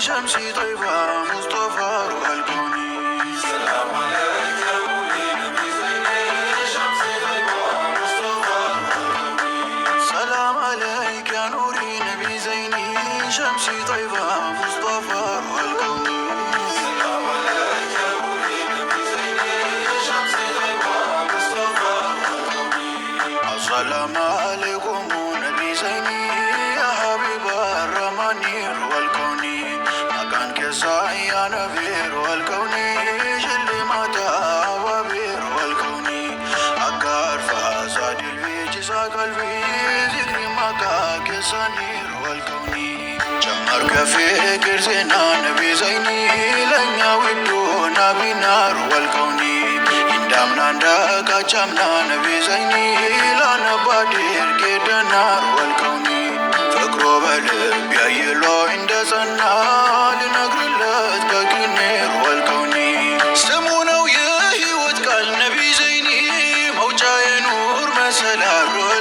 شمسي طيفها مصطفى روح سلام عليك ولي نبي زيني مصطفى سلام عليك يا نوري نبي زيني طيب مصطفى Sa kalbii zikrima ka keessanii wal ጨመር ከፍቅር ዜና ነቢ ዘይኒ ለኛ ውዱ ናቢናር ወልቀውኒ እንዳምና እንዳቃቻምና ነቢ ዘይኒ ላነባድር ጌደናር ወልቀውኒ ፍቅሮ በልብ ያየሎ እንደጸና ልነግርለ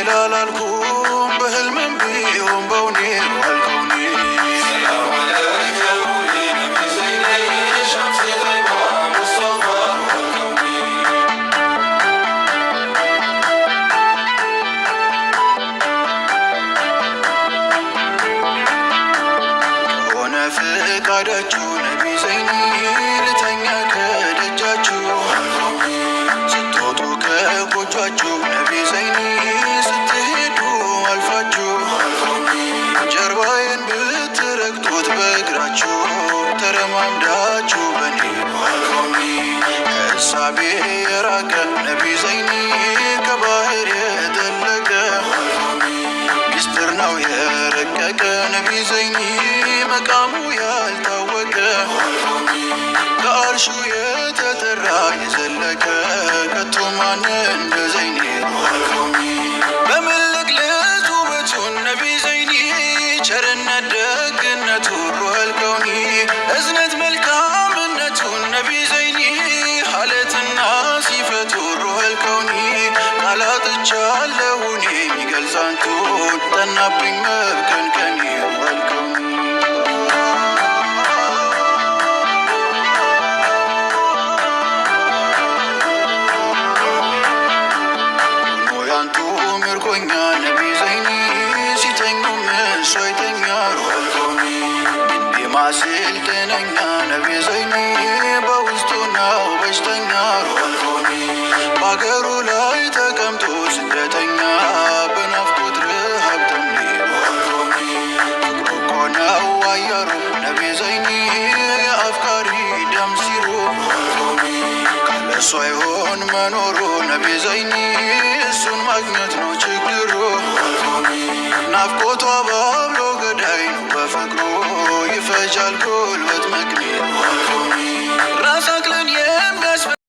إلى لا نكون بهلم بيهم بونين وهالكونين سلام على الكونين على الجود ተማምዳችሁ በኔ ማሎሚ ከእሳቤ የራቀ ነቢ ዘይኒ ከባህር የጠለቀ ሚስጥር ነው የረቀቀ ነቢ ዘይኒ መቃሙ ያልታወቀ ከአርሹ የተጠራ የዘለቀ ከቶ ማን እንደ ዘይኒ ጀነት ሁሉ አልቀውኒ እዝነት መልካምነቱን ነቢ ዘይኒ ሀለትና ሲፈት ሁሉ አልቀውኒ አላጥቻለሁኔ የሚገልጻንቱን ጠናብኝ ምርኮኛ ራሴን ጤነኛ ነቤዘኝ በውስጡ በሽተኛ በአገሩ ላይ ተቀምጦ ስደተኛ በናፍቆት ረሃብ ተኒ ሮልቶኒ እኮ ነው አየሩ ነቤዘኝ አፍቃሪ ደም ሲሩ ሮልቶኒ ካለሱ መኖሩ ነቤዘኝ እሱን ማግኘት ነው ችግሩ ናፍቆቷ ባብሎ